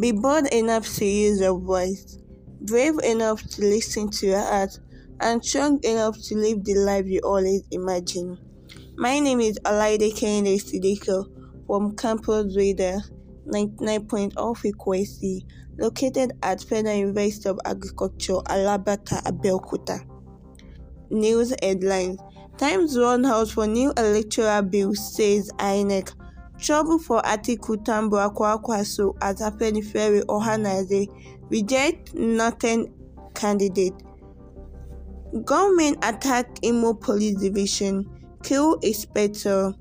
Be bold enough to use your voice, brave enough to listen to your heart, and strong enough to live the life you always imagine. My name is Alaide Kende Sidiko from Campus Reader 99.0 Frequency, located at Federal University of Agriculture, Alabata, Abeokuta. News headlines Times run out for new electoral bill, says INEC. Trouble for Atiku Tambuwal Kwaso at Ferry Ohanaeze reject Northern candidate. Government attack Imo Police Division, kill inspector.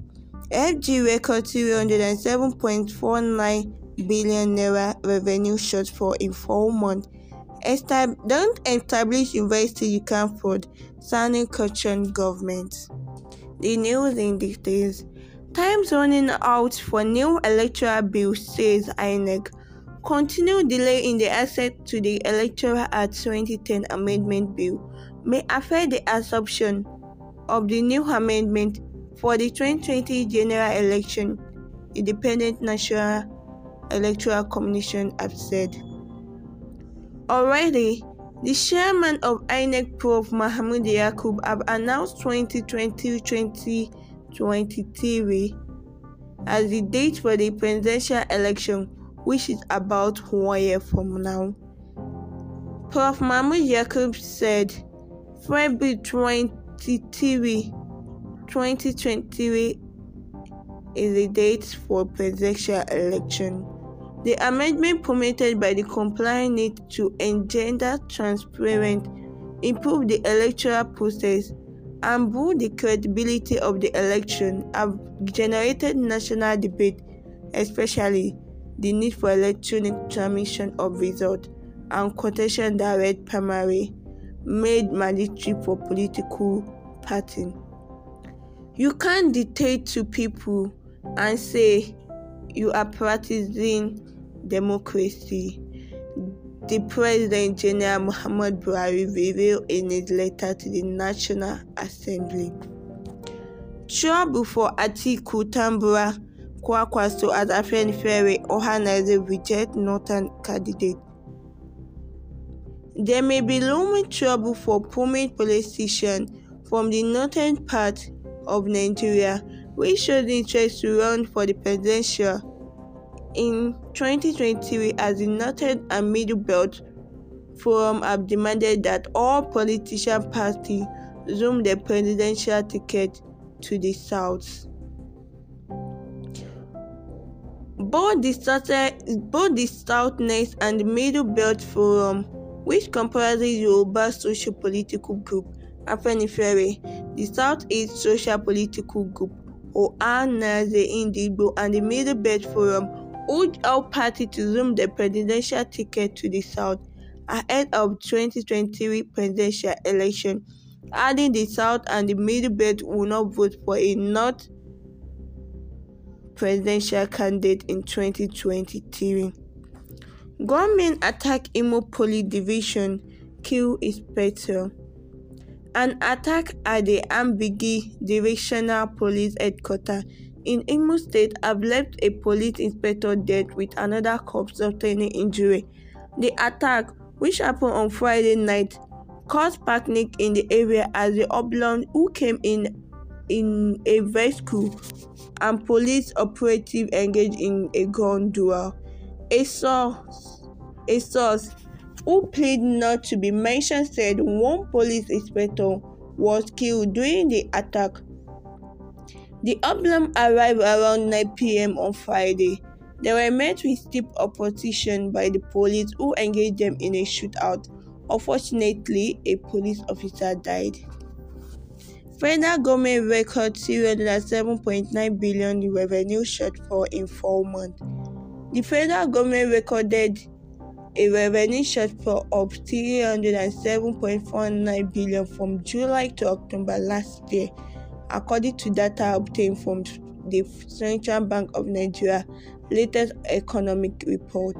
FG record 307.49 billion naira revenue for in four months. Estab- don't establish university you can't afford, sounding government. The news in details. Time's running out for new electoral bill, says INEC. Continued delay in the asset to the Electoral Act 2010 Amendment Bill may affect the adoption of the new amendment for the 2020 general election, Independent National Electoral Commission have said. Already, the chairman of INEC Prof. Mahmoud Yakub have announced 2020 20 2023 as the date for the presidential election, which is about one year from now. Prof. Mahmoud Jacob said February 23, 2023 is the date for presidential election. The amendment promoted by the compliant need to engender transparent, improve the electoral process, and the credibility of the election have generated national debate, especially the need for electronic transmission of results and quotation direct primary made mandatory for political party. You can't dictate to people and say you are practicing democracy. The President General Muhammad Buhari revealed in his letter to the National Assembly. Trouble for Atiku Tambura Kwakwaso as friend, Ferry Ohanaeze reject Northern candidate. There may be looming trouble for prominent politicians from the northern part of Nigeria which should interest to run for the presidential in 2020, as the Northern and Middle Belt Forum, have demanded that all politician parties zoom the presidential ticket to the South. Both the, Southern, Southness and the Middle Belt Forum, which comprises Yoruba social political group, Afenifere, the Southeast Social Political Group, or ANAZE Indigbo, and the Middle Belt Forum would help party to zoom the presidential ticket to the South ahead of 2023 presidential election, adding the South and the Middle Belt will not vote for a North presidential candidate in 2023. Gunmen attack Imo Poly Division, kill inspector. An attack at the Ambigi Directional Police Headquarters in Imo State, I've left a police inspector dead with another cop sustaining injury. The attack, which happened on Friday night, caused panic in the area as the oblong who came in in a vehicle and police operative engaged in a gun duel. A source, a source who pleaded not to be mentioned said one police inspector was killed during the attack. The Oblum arrived around 9 pm on Friday. They were met with steep opposition by the police, who engaged them in a shootout. Unfortunately, a police officer died. Federal government record $7.9 billion revenue shortfall in four months. The federal government recorded a revenue shortfall of 307.49 billion from July to October last year according to data obtained from the Central Bank of Nigeria latest economic report.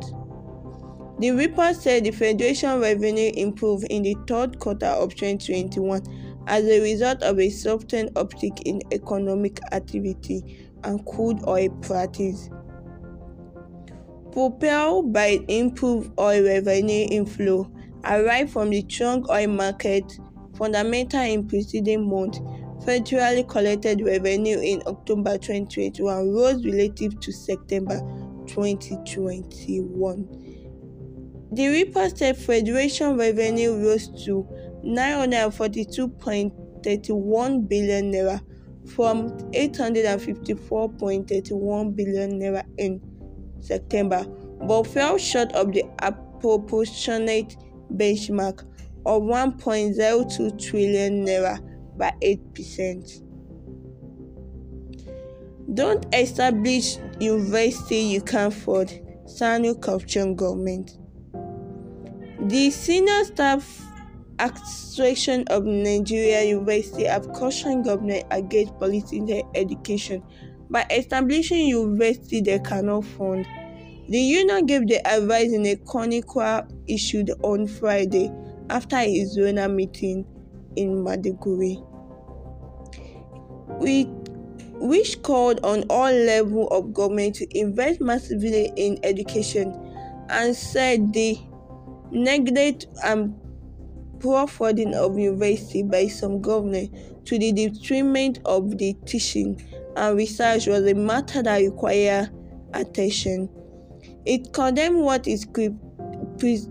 The report said the Federation revenue improved in the third quarter of 2021 as a result of a softened uptick in economic activity and crude oil prices. Propelled by improved oil revenue inflow arrived from the strong oil market fundamental in preceding month, federally collected revenue in October 2021 rose relative to September 2021. The report said federation revenue rose to 942.31 billion naira from 854.31 billion naira in September, but fell short of the proportionate benchmark or 1.02 trillion naira by 8%. Don't establish university you can't afford, Sanu Kafchan government. The senior staff Association of Nigeria University have cautioned government against policing education by establishing university they cannot fund. The union gave the advice in a chronicle issued on Friday after a Zona meeting in we which called on all levels of government to invest massively in education and said the neglect and poor funding of university by some government to the detriment of the teaching and research was a matter that required attention. It condemned what is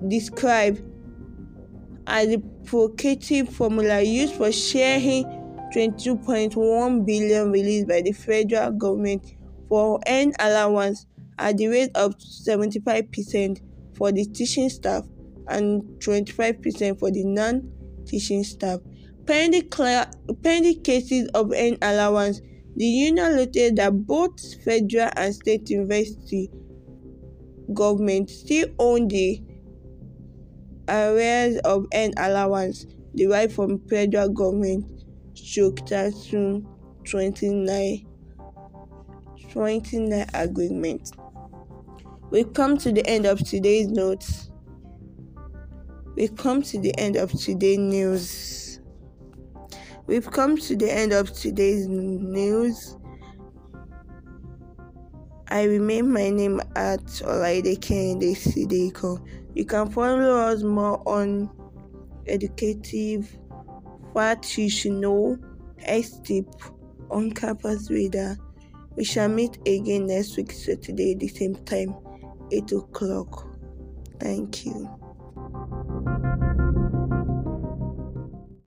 described as the provocative formula used for sharing 22.1 billion released by the federal government for an allowance at the rate of 75% for the teaching staff and 25% for the non-teaching staff. Pending, cases of an allowance, the union noted that both federal and state university governments still own the Arrears of end allowance derived from federal government stroke Title 29, agreement. We come to the end of today's notes. We come to the end of today's news. We've come to the end of today's news. I remain my name at Olaide Kende Sideko. You can follow us more on educative what you should know, STIP on Campus Reader. We shall meet again next week, Saturday, the same time, 8 o'clock. Thank you.